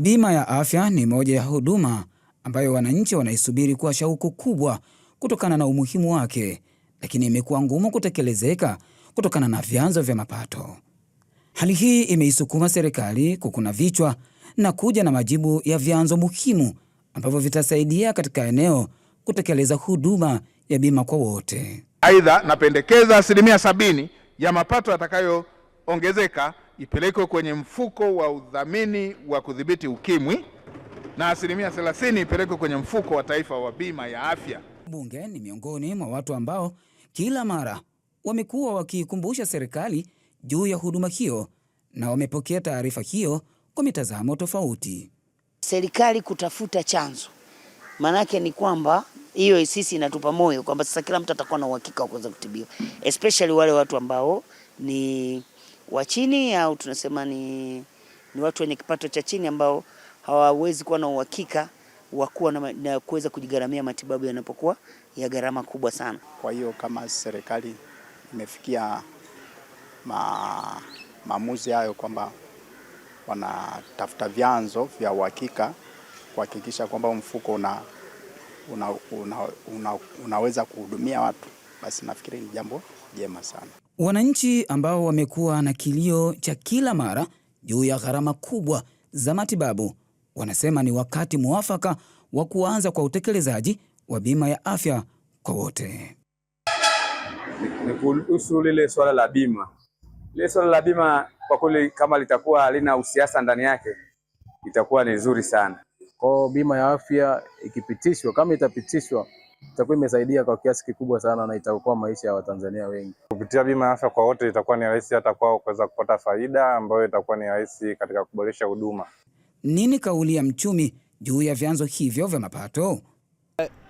Bima ya afya ni moja ya huduma ambayo wananchi wanaisubiri kwa shauku kubwa kutokana na umuhimu wake, lakini imekuwa ngumu kutekelezeka kutokana na vyanzo vya mapato. Hali hii imeisukuma serikali kukuna vichwa na kuja na majibu ya vyanzo muhimu ambavyo vitasaidia katika eneo kutekeleza huduma ya bima kwa wote. Aidha, napendekeza asilimia sabini ya mapato yatakayo ongezeka ipelekwe kwenye mfuko wa udhamini wa kudhibiti ukimwi na asilimia 30 ipelekwe kwenye mfuko wa taifa wa bima ya afya. Bunge ni miongoni mwa watu ambao kila mara wamekuwa wakiikumbusha serikali juu ya huduma hiyo na wamepokea taarifa hiyo kwa mitazamo tofauti. Serikali kutafuta chanzo, maanake ni kwamba hiyo sisi inatupa moyo kwamba sasa kila mtu atakuwa na uhakika wa kuweza kutibiwa, especially wale watu ambao ni wa chini au tunasema ni, ni watu wenye kipato cha chini ambao hawawezi kuwa na uhakika wa kuwa na, na kuweza kujigharamia matibabu yanapokuwa ya gharama kubwa sana. Kwa hiyo kama serikali imefikia ma, maamuzi hayo kwamba wanatafuta vyanzo vya uhakika kuhakikisha kwamba mfuko una, una, una, una, unaweza kuhudumia watu, basi nafikiri ni jambo jema sana. Wananchi ambao wamekuwa na kilio cha kila mara juu ya gharama kubwa za matibabu wanasema ni wakati mwafaka wa kuanza kwa utekelezaji wa bima ya afya kwa wote. Ni kuhusu lile swala la bima. Lile swala la bima kwa kweli, kama litakuwa halina usiasa ndani yake, itakuwa ni nzuri sana. Kwa bima ya afya ikipitishwa, kama itapitishwa itakuwa imesaidia kwa kiasi kikubwa sana na itaokoa maisha ya Watanzania wengi. Kupitia bima ya afya kwa wote itakuwa ni rahisi hata kwao kuweza kupata faida ambayo itakuwa ni rahisi katika kuboresha huduma. Nini kauli ya mchumi juu ya vyanzo hivyo vya mapato?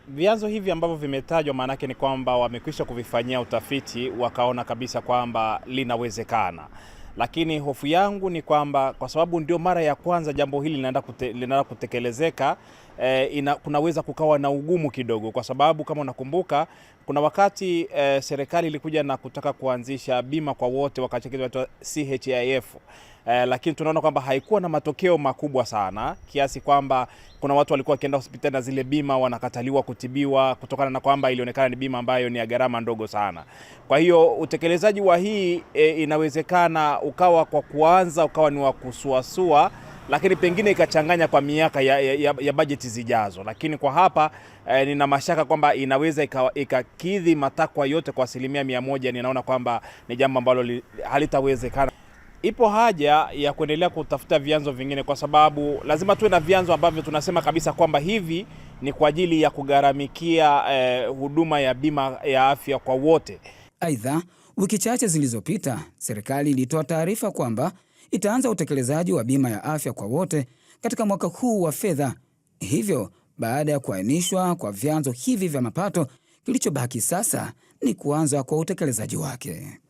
Vyanzo hivi ambavyo vimetajwa maanake ni kwamba wamekwisha kuvifanyia utafiti, wakaona kabisa kwamba linawezekana, lakini hofu yangu ni kwamba kwa sababu ndio mara ya kwanza jambo hili linaenda kute, linaenda kutekelezeka eh, ina, kunaweza kukawa na ugumu kidogo, kwa sababu kama unakumbuka kuna wakati eh, serikali ilikuja na kutaka kuanzisha bima kwa wote wakati kinaitwa CHIF. Eh, lakini tunaona kwamba haikuwa na matokeo makubwa sana kiasi kwamba kuna watu walikuwa wakienda hospitali na zile bima wanakataliwa kutibiwa kutokana na kwamba ilionekana ni bima ambayo ni ya gharama ndogo sana. Kwa hiyo utekelezaji wa hii eh, inawezekana ukawa kwa kuanza ukawa ni wa kusuasua lakini pengine ikachanganya kwa miaka ya, ya, ya bajeti zijazo. Lakini kwa hapa eh, nina mashaka kwamba inaweza ikakidhi matakwa yote kwa asilimia mia moja. Ninaona kwamba ni jambo ambalo halitawezekana. Ipo haja ya kuendelea kutafuta vyanzo vingine, kwa sababu lazima tuwe na vyanzo ambavyo tunasema kabisa kwamba hivi ni kwa ajili ya kugharamikia eh, huduma ya bima ya afya kwa wote. Aidha, wiki chache zilizopita serikali ilitoa taarifa kwamba itaanza utekelezaji wa bima ya afya kwa wote katika mwaka huu wa fedha. Hivyo, baada ya kuainishwa kwa vyanzo hivi vya mapato, kilichobaki sasa ni kuanza kwa utekelezaji wake.